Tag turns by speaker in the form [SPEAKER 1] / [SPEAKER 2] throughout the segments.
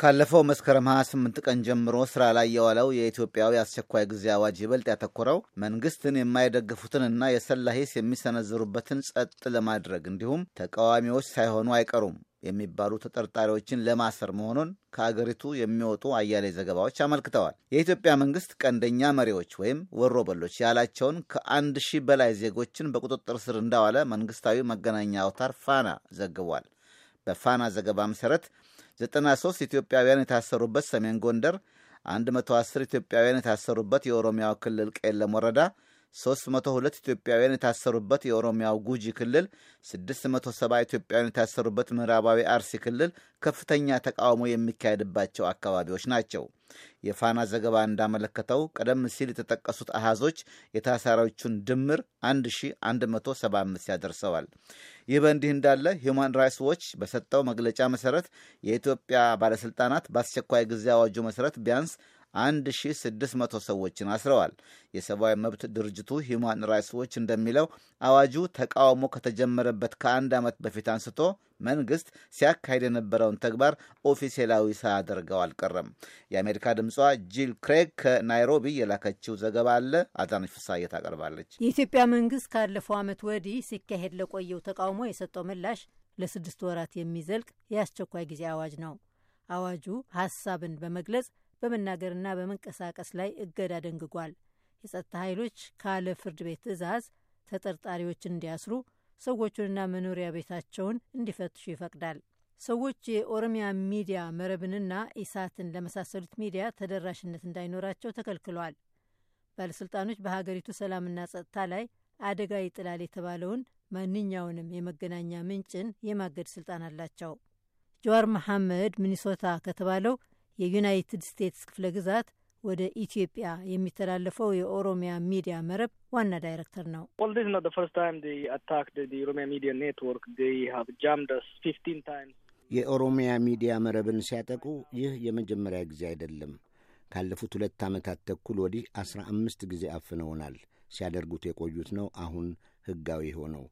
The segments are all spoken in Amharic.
[SPEAKER 1] ካለፈው መስከረም 28 ቀን ጀምሮ ስራ ላይ የዋለው የኢትዮጵያዊ አስቸኳይ ጊዜ አዋጅ ይበልጥ ያተኮረው መንግስትን የማይደግፉትንና የሰላ ሂስ የሚሰነዝሩበትን ጸጥ ለማድረግ እንዲሁም ተቃዋሚዎች ሳይሆኑ አይቀሩም የሚባሉ ተጠርጣሪዎችን ለማሰር መሆኑን ከአገሪቱ የሚወጡ አያሌ ዘገባዎች አመልክተዋል። የኢትዮጵያ መንግስት ቀንደኛ መሪዎች ወይም ወሮበሎች ያላቸውን ከአንድ ሺህ በላይ ዜጎችን በቁጥጥር ስር እንዳዋለ መንግስታዊ መገናኛ አውታር ፋና ዘግቧል። በፋና ዘገባ መሠረት 93 ኢትዮጵያውያን የታሰሩበት ሰሜን ጎንደር፣ 110 ኢትዮጵያውያን የታሰሩበት የኦሮሚያው ክልል ቄለም ወረዳ 302 ኢትዮጵያውያን የታሰሩበት የኦሮሚያው ጉጂ ክልል፣ 670 ኢትዮጵያውያን የታሰሩበት ምዕራባዊ አርሲ ክልል ከፍተኛ ተቃውሞ የሚካሄድባቸው አካባቢዎች ናቸው። የፋና ዘገባ እንዳመለከተው ቀደም ሲል የተጠቀሱት አሃዞች የታሳሪዎቹን ድምር 1175 ያደርሰዋል። ይህ በእንዲህ እንዳለ ሂውማን ራይትስ ዎች በሰጠው መግለጫ መሰረት የኢትዮጵያ ባለሥልጣናት በአስቸኳይ ጊዜ አዋጁ መሰረት ቢያንስ 1600 ሰዎችን አስረዋል። የሰብአዊ መብት ድርጅቱ ሂማን ራይትስ ዎች እንደሚለው አዋጁ ተቃውሞ ከተጀመረበት ከአንድ ዓመት በፊት አንስቶ መንግሥት ሲያካሄድ የነበረውን ተግባር ኦፊሴላዊ ሳያደርገው አልቀረም። የአሜሪካ ድምጿ ጂል ክሬግ ከናይሮቢ የላከችው ዘገባ አለ። አዳነች ፍሳዬ ታቀርባለች።
[SPEAKER 2] የኢትዮጵያ መንግሥት ካለፈው ዓመት ወዲህ ሲካሄድ ለቆየው ተቃውሞ የሰጠው ምላሽ ለስድስት ወራት የሚዘልቅ የአስቸኳይ ጊዜ አዋጅ ነው። አዋጁ ሀሳብን በመግለጽ በመናገርና በመንቀሳቀስ ላይ እገዳ ደንግጓል። የጸጥታ ኃይሎች ካለ ፍርድ ቤት ትዕዛዝ ተጠርጣሪዎችን እንዲያስሩ፣ ሰዎቹንና መኖሪያ ቤታቸውን እንዲፈትሹ ይፈቅዳል። ሰዎች የኦሮሚያ ሚዲያ መረብንና ኢሳትን ለመሳሰሉት ሚዲያ ተደራሽነት እንዳይኖራቸው ተከልክሏል። ባለሥልጣኖች በሀገሪቱ ሰላምና ጸጥታ ላይ አደጋ ይጥላል የተባለውን ማንኛውንም የመገናኛ ምንጭን የማገድ ስልጣን አላቸው። ጀዋር መሐመድ ሚኒሶታ ከተባለው የዩናይትድ ስቴትስ ክፍለ ግዛት ወደ ኢትዮጵያ የሚተላለፈው የኦሮሚያ ሚዲያ መረብ ዋና ዳይሬክተር ነው።
[SPEAKER 3] የኦሮሚያ ሚዲያ መረብን ሲያጠቁ ይህ የመጀመሪያ ጊዜ አይደለም። ካለፉት ሁለት ዓመታት ተኩል ወዲህ አስራ አምስት ጊዜ አፍነውናል። ሲያደርጉት የቆዩት ነው አሁን ህጋዊ ሆነው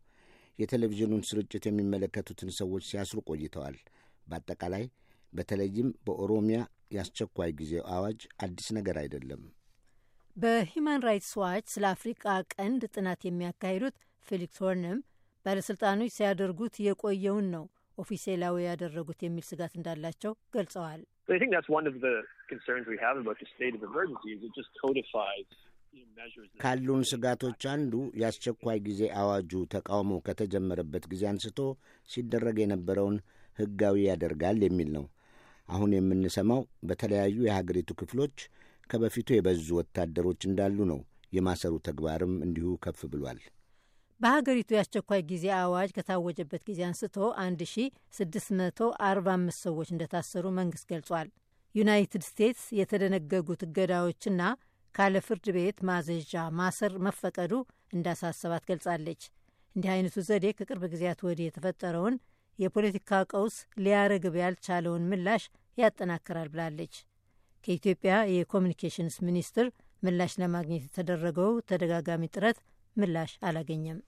[SPEAKER 3] የቴሌቪዥኑን ስርጭት የሚመለከቱትን ሰዎች ሲያስሩ ቆይተዋል። በአጠቃላይ በተለይም በኦሮሚያ የአስቸኳይ ጊዜ አዋጅ አዲስ ነገር አይደለም።
[SPEAKER 2] በሂማን ራይትስ ዋች ስለ አፍሪቃ ቀንድ ጥናት የሚያካሂዱት ፊሊክስ ሆርንም ባለሥልጣኖች ሲያደርጉት የቆየውን ነው ኦፊሴላዊ ያደረጉት የሚል ስጋት እንዳላቸው ገልጸዋል።
[SPEAKER 3] ካሉን ስጋቶች አንዱ የአስቸኳይ ጊዜ አዋጁ ተቃውሞ ከተጀመረበት ጊዜ አንስቶ ሲደረግ የነበረውን ሕጋዊ ያደርጋል የሚል ነው። አሁን የምንሰማው በተለያዩ የሀገሪቱ ክፍሎች ከበፊቱ የበዙ ወታደሮች እንዳሉ ነው። የማሰሩ ተግባርም እንዲሁ ከፍ ብሏል።
[SPEAKER 2] በሀገሪቱ የአስቸኳይ ጊዜ አዋጅ ከታወጀበት ጊዜ አንስቶ 1645 ሰዎች እንደታሰሩ መንግሥት ገልጿል። ዩናይትድ ስቴትስ የተደነገጉት እገዳዎችና ካለ ፍርድ ቤት ማዘዣ ማሰር መፈቀዱ እንዳሳሰባት ገልጻለች። እንዲህ አይነቱ ዘዴ ከቅርብ ጊዜያት ወዲህ የተፈጠረውን የፖለቲካ ቀውስ ሊያረግብ ያልቻለውን ምላሽ ያጠናክራል ብላለች። ከኢትዮጵያ የኮሚኒኬሽንስ ሚኒስትር ምላሽ ለማግኘት የተደረገው ተደጋጋሚ ጥረት ምላሽ አላገኘም።